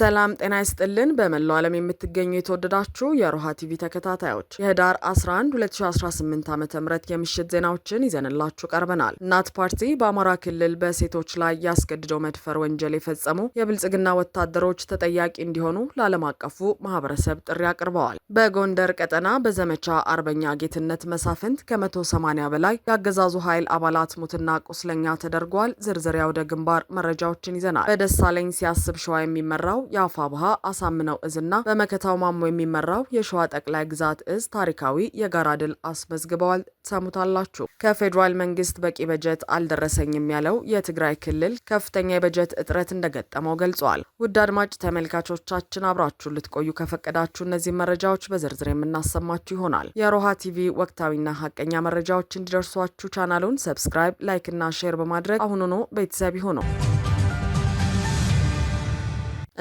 ሰላም ጤና ይስጥልን። በመላው ዓለም የምትገኙ የተወደዳችሁ የሮሃ ቲቪ ተከታታዮች የህዳር 11 2018 ዓ ም የምሽት ዜናዎችን ይዘንላችሁ ቀርበናል። እናት ፓርቲ በአማራ ክልል በሴቶች ላይ ያስገድደው መድፈር ወንጀል የፈጸሙ የብልጽግና ወታደሮች ተጠያቂ እንዲሆኑ ለዓለም አቀፉ ማህበረሰብ ጥሪ አቅርበዋል። በጎንደር ቀጠና በዘመቻ አርበኛ ጌትነት መሳፍንት ከ180 በላይ የአገዛዙ ኃይል አባላት ሙትና ቁስለኛ ተደርጓል። ዝርዝሪያ ወደ ግንባር መረጃዎችን ይዘናል። በደሳለኝ ሲያስብ ሸዋ የሚመራው የአፋብሃ አሳምነው እዝና በመከታው ማሞ የሚመራው የሸዋ ጠቅላይ ግዛት እዝ ታሪካዊ የጋራ ድል አስመዝግበዋል። ሰሙታላችሁ። ከፌዴራል መንግስት በቂ በጀት አልደረሰኝም ያለው የትግራይ ክልል ከፍተኛ የበጀት እጥረት እንደገጠመው ገልጿል። ውድ አድማጭ ተመልካቾቻችን አብራችሁ ልትቆዩ ከፈቀዳችሁ እነዚህ መረጃዎች በዝርዝር የምናሰማችሁ ይሆናል። የሮሃ ቲቪ ወቅታዊና ሀቀኛ መረጃዎች እንዲደርሷችሁ ቻናሉን ሰብስክራይብ፣ ላይክ እና ሼር በማድረግ አሁኑኑ ቤተሰብ ይሁኑ።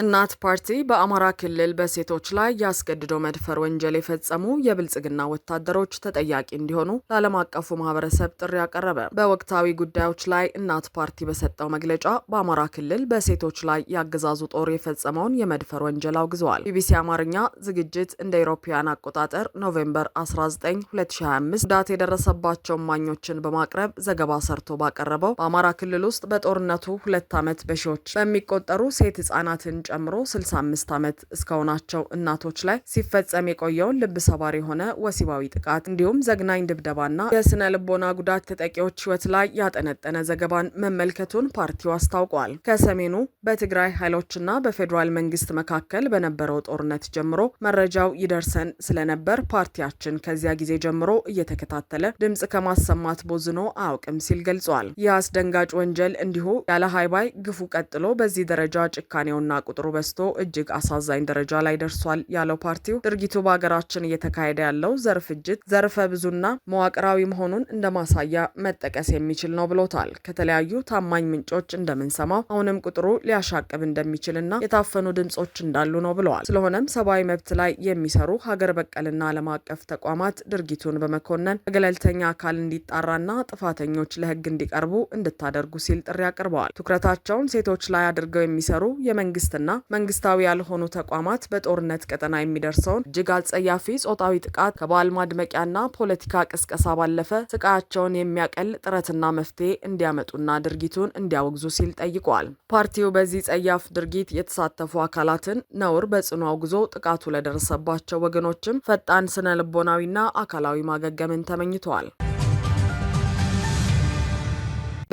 እናት ፓርቲ በአማራ ክልል በሴቶች ላይ ያስገድዶ መድፈር ወንጀል የፈጸሙ የብልጽግና ወታደሮች ተጠያቂ እንዲሆኑ ለዓለም አቀፉ ማህበረሰብ ጥሪ አቀረበ። በወቅታዊ ጉዳዮች ላይ እናት ፓርቲ በሰጠው መግለጫ በአማራ ክልል በሴቶች ላይ ያገዛዙ ጦር የፈጸመውን የመድፈር ወንጀል አውግዘዋል። ቢቢሲ አማርኛ ዝግጅት እንደ አውሮፓውያን አቆጣጠር ኖቬምበር 19 2025 ጉዳት የደረሰባቸው ማኞችን በማቅረብ ዘገባ ሰርቶ ባቀረበው በአማራ ክልል ውስጥ በጦርነቱ ሁለት ዓመት በሺዎች በሚቆጠሩ ሴት ህጻናትን ጨምሮ 65 ዓመት እስከሆናቸው እናቶች ላይ ሲፈጸም የቆየውን ልብ ሰባር የሆነ ወሲባዊ ጥቃት እንዲሁም ዘግናኝ ድብደባና የስነ ልቦና ጉዳት ተጠቂዎች ህይወት ላይ ያጠነጠነ ዘገባን መመልከቱን ፓርቲው አስታውቋል። ከሰሜኑ በትግራይ ኃይሎችና በፌዴራል መንግስት መካከል በነበረው ጦርነት ጀምሮ መረጃው ይደርሰን ስለነበር ፓርቲያችን ከዚያ ጊዜ ጀምሮ እየተከታተለ ድምፅ ከማሰማት ቦዝኖ አያውቅም ሲል ገልጿል። ይህ አስደንጋጭ ወንጀል እንዲሁ ያለ ሀይባይ ግፉ ቀጥሎ በዚህ ደረጃ ጭካኔውና ቁጥ ቁጥሩ በዝቶ እጅግ አሳዛኝ ደረጃ ላይ ደርሷል ያለው ፓርቲው ድርጊቱ በሀገራችን እየተካሄደ ያለው ዘር ፍጅት ዘርፈ ብዙና መዋቅራዊ መሆኑን እንደ ማሳያ መጠቀስ የሚችል ነው ብሎታል። ከተለያዩ ታማኝ ምንጮች እንደምንሰማው አሁንም ቁጥሩ ሊያሻቅብ እንደሚችልና የታፈኑ ድምጾች እንዳሉ ነው ብለዋል። ስለሆነም ሰብአዊ መብት ላይ የሚሰሩ ሀገር በቀልና ዓለም አቀፍ ተቋማት ድርጊቱን በመኮነን በገለልተኛ አካል እንዲጣራና ጥፋተኞች ለህግ እንዲቀርቡ እንድታደርጉ ሲል ጥሪ አቅርበዋል። ትኩረታቸውን ሴቶች ላይ አድርገው የሚሰሩ የመንግስት ተቋማትና መንግስታዊ ያልሆኑ ተቋማት በጦርነት ቀጠና የሚደርሰውን እጅግ አጸያፊ ጾታዊ ጥቃት ከበዓል ማድመቂያና ፖለቲካ ቅስቀሳ ባለፈ ስቃያቸውን የሚያቀል ጥረትና መፍትሄ እንዲያመጡና ድርጊቱን እንዲያወግዙ ሲል ጠይቋል። ፓርቲው በዚህ ጸያፍ ድርጊት የተሳተፉ አካላትን ነውር በጽኑ አውግዞ ጥቃቱ ለደረሰባቸው ወገኖችም ፈጣን ስነ ልቦናዊና አካላዊ ማገገምን ተመኝተዋል።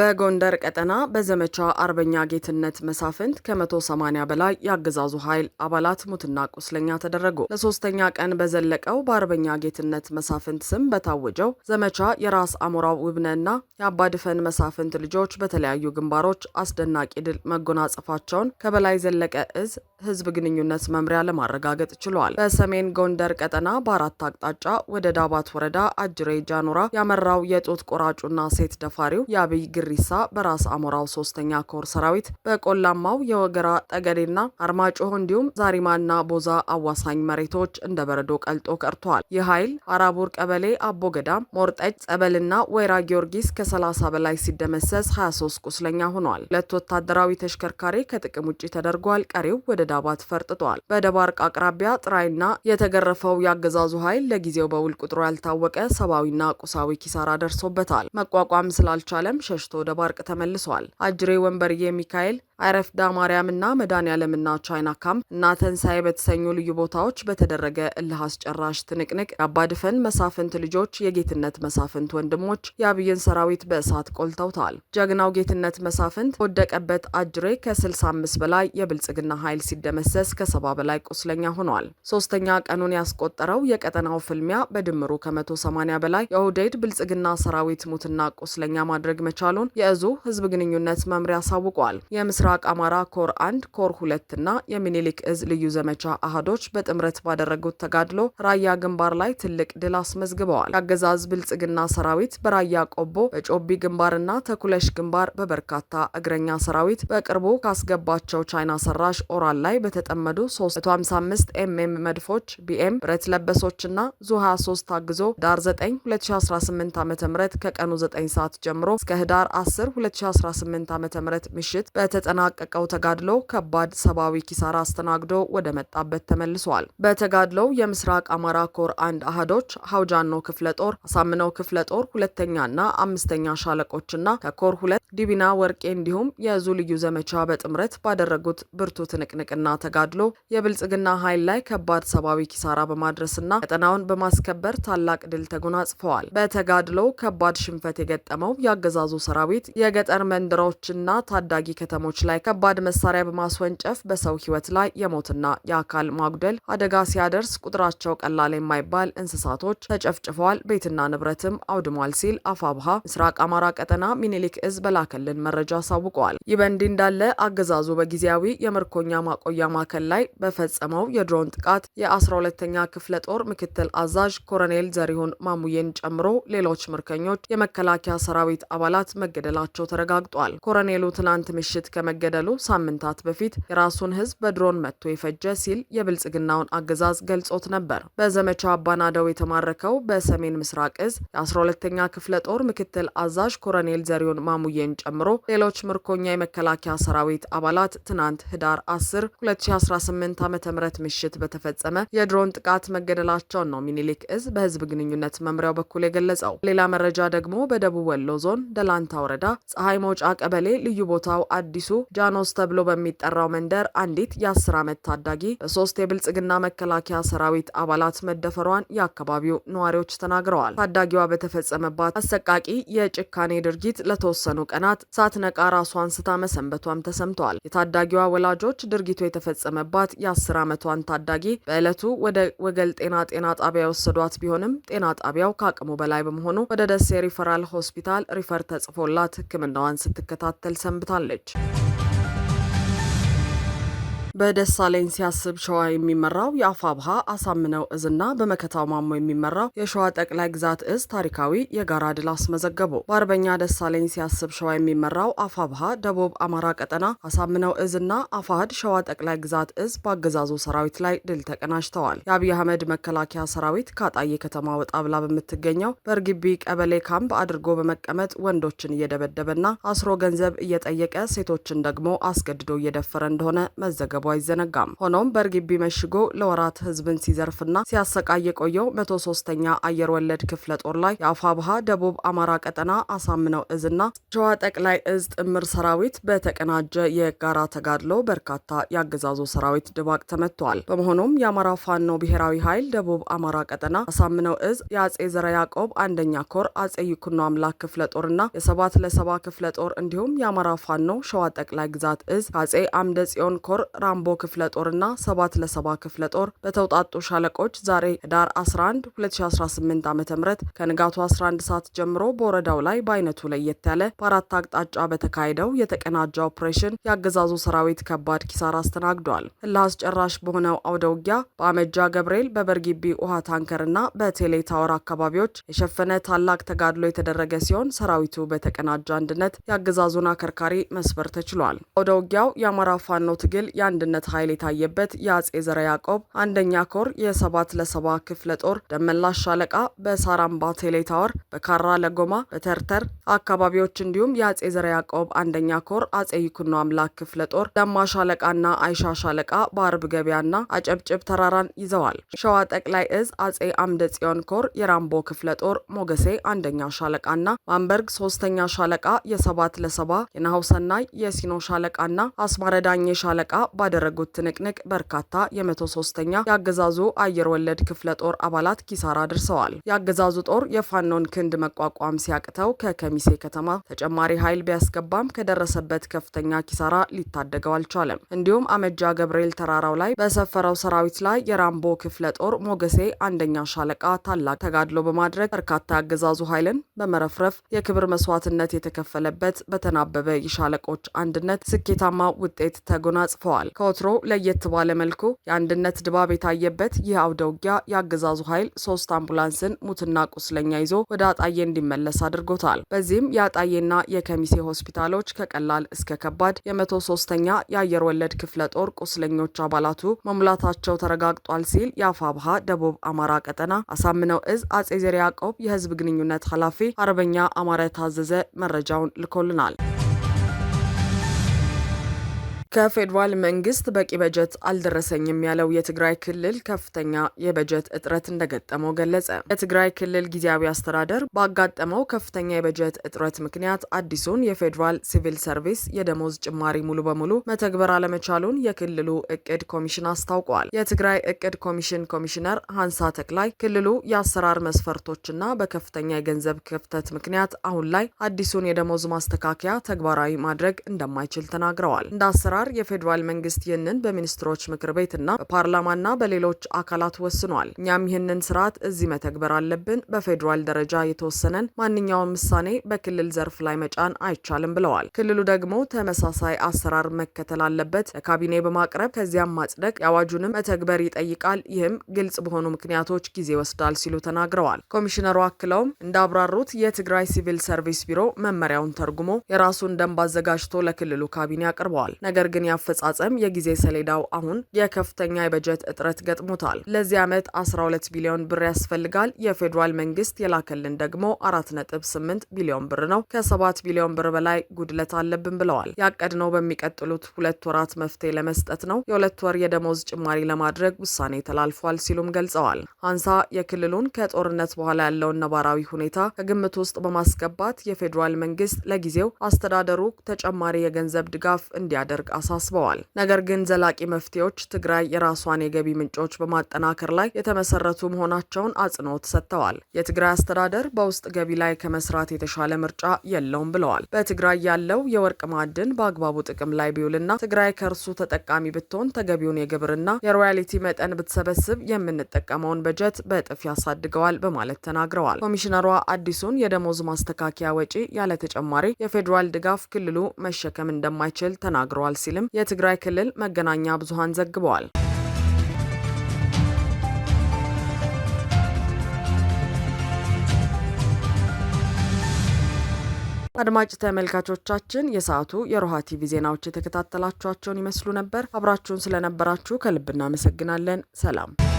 በጎንደር ቀጠና በዘመቻ አርበኛ ጌትነት መሳፍንት ከ180 በላይ የአገዛዙ ኃይል አባላት ሙትና ቁስለኛ ተደረጉ። ለሶስተኛ ቀን በዘለቀው በአርበኛ ጌትነት መሳፍንት ስም በታወጀው ዘመቻ የራስ አሞራው ውብነና የአባድፈን መሳፍንት ልጆች በተለያዩ ግንባሮች አስደናቂ ድል መጎናጸፋቸውን ከበላይ ዘለቀ እዝ ህዝብ ግንኙነት መምሪያ ለማረጋገጥ ችሏል። በሰሜን ጎንደር ቀጠና በአራት አቅጣጫ ወደ ዳባት ወረዳ አጅሬ ጃኑራ ያመራው የጡት ቆራጩና ሴት ደፋሪው የአብይ ግሪሳ በራስ አሞራው ሶስተኛ ኮር ሰራዊት በቆላማው የወገራ ጠገዴና አርማጭሆ እንዲሁም ዛሪማና ቦዛ አዋሳኝ መሬቶች እንደ በረዶ ቀልጦ ቀርቷል። ይህ ኃይል አራቡር ቀበሌ አቦ ገዳም፣ ሞርጠጭ፣ ጸበልና ወይራ ጊዮርጊስ ከ30 በላይ ሲደመሰስ 23 ቁስለኛ ሆኗል። ሁለት ወታደራዊ ተሽከርካሪ ከጥቅም ውጭ ተደርጓል። ቀሪው ወደ ዳባት ፈርጥጧል። በደባርቅ አቅራቢያ ጥራይና የተገረፈው የአገዛዙ ኃይል ለጊዜው በውል ቁጥሩ ያልታወቀ ሰብአዊና ቁሳዊ ኪሳራ ደርሶበታል። መቋቋም ስላልቻለም ሸሽቶ ደባርቅ ተመልሷል። አጅሬ ወንበርዬ ሚካኤል አይረፍዳ መዳን ያለምና ቻይና ካምፕ እና ተንሳኤ በተሰኙ ልዩ ቦታዎች በተደረገ እልህ አስጨራሽ ትንቅንቅ የአባድፈን መሳፍንት ልጆች የጌትነት መሳፍንት ወንድሞች የአብይን ሰራዊት በእሳት ቆልተውታል። ጀግናው ጌትነት መሳፍንት ወደቀበት አጅሬ ከ65 በላይ የብልጽግና ኃይል ሲደመሰስ ከሰባ በላይ ቁስለኛ ሆኗል። ሶስተኛ ቀኑን ያስቆጠረው የቀጠናው ፍልሚያ በድምሩ ከ180 በላይ የኦህዴድ ብልጽግና ሰራዊት ሙትና ቁስለኛ ማድረግ መቻሉን የእዙ ህዝብ ግንኙነት መምሪያ አሳውቋል። የምስራቅ አማራ ኮር አንድ ኮር ሁለት እና የሚኒሊክ እዝ ልዩ ዘመቻ አህዶች በጥምረት ባደረጉት ተጋድሎ ራያ ግንባር ላይ ትልቅ ድል አስመዝግበዋል። የአገዛዝ ብልጽግና ሰራዊት በራያ ቆቦ፣ በጮቢ ግንባርና ተኩለሽ ግንባር በበርካታ እግረኛ ሰራዊት በቅርቡ ካስገባቸው ቻይና ሰራሽ ኦራል ላይ በተጠመዱ 355 ኤምኤም መድፎች ቢኤም ብረት ለበሶችና ዙ 23 ታግዞ ዳር 9 2018 ዓ ም ከቀኑ 9 ሰዓት ጀምሮ እስከ ህዳር 10 2018 ዓ ም ምሽት በተጠ በተጠናቀቀው ተጋድሎ ከባድ ሰብአዊ ኪሳራ አስተናግዶ ወደ መጣበት ተመልሷል። በተጋድሎው የምስራቅ አማራ ኮር አንድ አህዶች ሀውጃኖ ክፍለ ጦር፣ አሳምነው ክፍለ ጦር ሁለተኛና አምስተኛ ሻለቆችና ከኮር ሁለት ዲቢና ወርቄ እንዲሁም የዙ ልዩ ዘመቻ በጥምረት ባደረጉት ብርቱ ትንቅንቅና ተጋድሎ የብልጽግና ኃይል ላይ ከባድ ሰብአዊ ኪሳራ በማድረስና ቀጠናውን በማስከበር ታላቅ ድል ተጎናጽፈዋል። በተጋድሎው ከባድ ሽንፈት የገጠመው የአገዛዙ ሰራዊት የገጠር መንደሮችና ታዳጊ ከተሞች ላይ ከባድ መሳሪያ በማስወንጨፍ በሰው ህይወት ላይ የሞትና የአካል ማጉደል አደጋ ሲያደርስ ቁጥራቸው ቀላል የማይባል እንስሳቶች ተጨፍጭፈዋል፣ ቤትና ንብረትም አውድሟል ሲል አፋብሃ ምስራቅ አማራ ቀጠና ሚኒሊክ እዝ በላከልን መረጃ አሳውቀዋል። ይህ በእንዲህ እንዳለ አገዛዙ በጊዜያዊ የምርኮኛ ማቆያ ማዕከል ላይ በፈጸመው የድሮን ጥቃት የ12ተኛ ክፍለ ጦር ምክትል አዛዥ ኮሎኔል ዘሪሁን ማሙዬን ጨምሮ ሌሎች ምርኮኞች የመከላከያ ሰራዊት አባላት መገደላቸው ተረጋግጧል። ኮሎኔሉ ትናንት ምሽት ከመ ከመገደሉ ሳምንታት በፊት የራሱን ህዝብ በድሮን መጥቶ የፈጀ ሲል የብልጽግናውን አገዛዝ ገልጾት ነበር። በዘመቻ አባናደው የተማረከው በሰሜን ምስራቅ እዝ የ12ኛ ክፍለ ጦር ምክትል አዛዥ ኮረኔል ዘሪሁን ማሙዬን ጨምሮ ሌሎች ምርኮኛ የመከላከያ ሰራዊት አባላት ትናንት ህዳር 10 2018 ዓ ም ምሽት በተፈጸመ የድሮን ጥቃት መገደላቸውን ነው ሚኒሊክ እዝ በህዝብ ግንኙነት መምሪያው በኩል የገለጸው። ሌላ መረጃ ደግሞ በደቡብ ወሎ ዞን ደላንታ ወረዳ ፀሐይ መውጫ ቀበሌ ልዩ ቦታው አዲሱ ጃኖስ ተብሎ በሚጠራው መንደር አንዲት የአስር ዓመት ታዳጊ በሶስት የብልጽግና መከላከያ ሰራዊት አባላት መደፈሯን የአካባቢው ነዋሪዎች ተናግረዋል። ታዳጊዋ በተፈጸመባት አሰቃቂ የጭካኔ ድርጊት ለተወሰኑ ቀናት ሳትነቃ ራሷን ስታ መሰንበቷም ተሰምተዋል። የታዳጊዋ ወላጆች ድርጊቱ የተፈጸመባት የአስር ዓመቷን ታዳጊ በዕለቱ ወደ ወገል ጤና ጤና ጣቢያ የወሰዷት ቢሆንም ጤና ጣቢያው ከአቅሙ በላይ በመሆኑ ወደ ደሴ ሪፈራል ሆስፒታል ሪፈር ተጽፎላት ሕክምናዋን ስትከታተል ሰንብታለች። በደሳለኝ ሲያስብ ሸዋ የሚመራው የአፋብሃ አሳምነው እዝና በመከታው ማሞ የሚመራው የሸዋ ጠቅላይ ግዛት እዝ ታሪካዊ የጋራ ድል አስመዘገቡ። በአርበኛ ደሳለኝ ሲያስብ ሸዋ የሚመራው አፋብሃ ደቡብ አማራ ቀጠና አሳምነው እዝና አፋህድ ሸዋ ጠቅላይ ግዛት እዝ በአገዛዙ ሰራዊት ላይ ድል ተቀናጅተዋል። የአብይ አህመድ መከላከያ ሰራዊት ከአጣዬ ከተማ ወጣ ብላ በምትገኘው በእርግቢ ቀበሌ ካምፕ አድርጎ በመቀመጥ ወንዶችን እየደበደበና አስሮ ገንዘብ እየጠየቀ ሴቶችን ደግሞ አስገድዶ እየደፈረ እንደሆነ መዘገቡ መዘገቡ አይዘነጋም። ሆኖም በእርግቢ መሽጎ ለወራት ህዝብን ሲዘርፍና ሲያሰቃይ የቆየው መቶ ሶስተኛ አየር ወለድ ክፍለ ጦር ላይ ባሃ ደቡብ አማራ ቀጠና አሳምነው እዝና ሸዋ ጠቅላይ እዝ ጥምር ሰራዊት በተቀናጀ የጋራ ተጋድሎ በርካታ የአገዛዙ ሰራዊት ድባቅ ተመቷል። በመሆኑም የአማራ ፋኖ ብሔራዊ ኃይል ደቡብ አማራ ቀጠና አሳምነው እዝ የአጼ ዘረ ያዕቆብ አንደኛ ኮር አጼ ይኩኖ አምላክ ክፍለ ጦርና የሰባት ለሰባ ክፍለ ጦር እንዲሁም የአማራ ፋኖ ሸዋ ጠቅላይ ግዛት እዝ ከአጼ አምደ ጽዮን ኮር ራ የአምቦ ክፍለ ጦርና ሰባት ለሰባ ክፍለ ጦር በተውጣጡ ሻለቆች ዛሬ ህዳር 11 2018 ዓ ም ከንጋቱ 11 ሰዓት ጀምሮ በወረዳው ላይ በአይነቱ ለየት ያለ በአራት አቅጣጫ በተካሄደው የተቀናጀ ኦፕሬሽን የአገዛዙ ሰራዊት ከባድ ኪሳራ አስተናግዷል። እልህ አስጨራሽ በሆነው አውደውጊያ በአመጃ ገብርኤል፣ በበርጊቢ ውሃ ታንከርና በቴሌ ታወር አካባቢዎች የሸፈነ ታላቅ ተጋድሎ የተደረገ ሲሆን ሰራዊቱ በተቀናጀ አንድነት የአገዛዙን አከርካሪ መስበር ተችሏል። አውደውጊያው የአማራ ፋኖ ትግል የአንድ አንድነት ኃይል የታየበት የአጼ ዘረ ያዕቆብ አንደኛ ኮር የሰባት ለሰባ ክፍለ ጦር ደመላሽ ሻለቃ በሳራምባ ቴሌታወር፣ በካራ ለጎማ፣ በተርተር አካባቢዎች እንዲሁም የአጼ ዘረ ያዕቆብ አንደኛ ኮር አጼ ይኩኖ አምላክ ክፍለ ጦር ለማ ሻለቃና አይሻ ሻለቃ በአርብ ገበያና አጨብጭብ ተራራን ይዘዋል። ሸዋ ጠቅላይ እዝ አጼ አምደ ጽዮን ኮር የራምቦ ክፍለ ጦር ሞገሴ አንደኛ ሻለቃና ማንበርግ ሶስተኛ ሻለቃ የሰባት ለሰባ የናሁሰናይ የሲኖ ሻለቃና አስማረዳኜ ሻለቃ ባደ ባደረጉት ትንቅንቅ በርካታ የመቶ ሶስተኛ የአገዛዙ አየር ወለድ ክፍለ ጦር አባላት ኪሳራ ደርሰዋል። የአገዛዙ ጦር የፋኖን ክንድ መቋቋም ሲያቅተው ከከሚሴ ከተማ ተጨማሪ ኃይል ቢያስገባም ከደረሰበት ከፍተኛ ኪሳራ ሊታደገው አልቻለም። እንዲሁም አመጃ ገብርኤል ተራራው ላይ በሰፈረው ሰራዊት ላይ የራምቦ ክፍለ ጦር ሞገሴ አንደኛ ሻለቃ ታላቅ ተጋድሎ በማድረግ በርካታ የአገዛዙ ኃይልን በመረፍረፍ የክብር መስዋዕትነት የተከፈለበት በተናበበ የሻለቆች አንድነት ስኬታማ ውጤት ተጎናጽፈዋል። ከወትሮ ለየት ባለ መልኩ የአንድነት ድባብ የታየበት ይህ አውደ ውጊያ የአገዛዙ ኃይል ሶስት አምቡላንስን ሙትና ቁስለኛ ይዞ ወደ አጣዬ እንዲመለስ አድርጎታል። በዚህም የአጣዬና የከሚሴ ሆስፒታሎች ከቀላል እስከ ከባድ የመቶ ሶስተኛ የአየር ወለድ ክፍለ ጦር ቁስለኞች አባላቱ መሙላታቸው ተረጋግጧል ሲል የአፋብሃ ደቡብ አማራ ቀጠና አሳምነው እዝ አጼ ዘርዓ ያዕቆብ የህዝብ ግንኙነት ኃላፊ አርበኛ አማራ የታዘዘ መረጃውን ልኮልናል። ከፌዴራል መንግስት በቂ በጀት አልደረሰኝም ያለው የትግራይ ክልል ከፍተኛ የበጀት እጥረት እንደገጠመው ገለጸ። የትግራይ ክልል ጊዜያዊ አስተዳደር ባጋጠመው ከፍተኛ የበጀት እጥረት ምክንያት አዲሱን የፌዴራል ሲቪል ሰርቪስ የደሞዝ ጭማሪ ሙሉ በሙሉ መተግበር አለመቻሉን የክልሉ እቅድ ኮሚሽን አስታውቋል። የትግራይ እቅድ ኮሚሽን ኮሚሽነር ሀንሳ ተክላይ ክልሉ የአሰራር መስፈርቶችና በከፍተኛ የገንዘብ ክፍተት ምክንያት አሁን ላይ አዲሱን የደሞዝ ማስተካከያ ተግባራዊ ማድረግ እንደማይችል ተናግረዋል። እንደ አሰራር አንጻር የፌዴራል መንግስት ይህንን በሚኒስትሮች ምክር ቤትና በፓርላማና በሌሎች አካላት ወስኗል። እኛም ይህንን ስርዓት እዚህ መተግበር አለብን። በፌዴራል ደረጃ የተወሰነን ማንኛውም ውሳኔ በክልል ዘርፍ ላይ መጫን አይቻልም ብለዋል። ክልሉ ደግሞ ተመሳሳይ አሰራር መከተል አለበት። ለካቢኔ በማቅረብ ከዚያም ማጽደቅ፣ የአዋጁንም መተግበር ይጠይቃል። ይህም ግልጽ በሆኑ ምክንያቶች ጊዜ ይወስዳል ሲሉ ተናግረዋል። ኮሚሽነሩ አክለውም እንዳብራሩት የትግራይ ሲቪል ሰርቪስ ቢሮ መመሪያውን ተርጉሞ የራሱን ደንብ አዘጋጅቶ ለክልሉ ካቢኔ አቅርበዋል። ነገር ነገር ግን ያፈጻጸም የጊዜ ሰሌዳው አሁን የከፍተኛ የበጀት እጥረት ገጥሞታል። ለዚህ ዓመት 12 ቢሊዮን ብር ያስፈልጋል። የፌዴራል መንግስት የላከልን ደግሞ 4.8 ቢሊዮን ብር ነው። ከ7 ቢሊዮን ብር በላይ ጉድለት አለብን ብለዋል። ያቀድነው በሚቀጥሉት ሁለት ወራት መፍትሄ ለመስጠት ነው። የሁለት ወር የደሞዝ ጭማሪ ለማድረግ ውሳኔ ተላልፏል ሲሉም ገልጸዋል። ሀንሳ የክልሉን ከጦርነት በኋላ ያለውን ነባራዊ ሁኔታ ከግምት ውስጥ በማስገባት የፌዴራል መንግስት ለጊዜው አስተዳደሩ ተጨማሪ የገንዘብ ድጋፍ እንዲያደርግ አሳስበዋል። ነገር ግን ዘላቂ መፍትሄዎች ትግራይ የራሷን የገቢ ምንጮች በማጠናከር ላይ የተመሰረቱ መሆናቸውን አጽንኦት ሰጥተዋል። የትግራይ አስተዳደር በውስጥ ገቢ ላይ ከመስራት የተሻለ ምርጫ የለውም ብለዋል። በትግራይ ያለው የወርቅ ማዕድን በአግባቡ ጥቅም ላይ ቢውልና ትግራይ ከእርሱ ተጠቃሚ ብትሆን ተገቢውን የግብርና የሮያሊቲ መጠን ብትሰበስብ የምንጠቀመውን በጀት በእጥፍ ያሳድገዋል በማለት ተናግረዋል። ኮሚሽነሯ አዲሱን የደሞዝ ማስተካከያ ወጪ ያለ ተጨማሪ የፌዴራል ድጋፍ ክልሉ መሸከም እንደማይችል ተናግረዋል ሲልም የትግራይ ክልል መገናኛ ብዙሃን ዘግበዋል። አድማጭ ተመልካቾቻችን የሰዓቱ የሮሃ ቲቪ ዜናዎች የተከታተላችኋቸውን ይመስሉ ነበር። አብራችሁን ስለነበራችሁ ከልብ እናመሰግናለን። ሰላም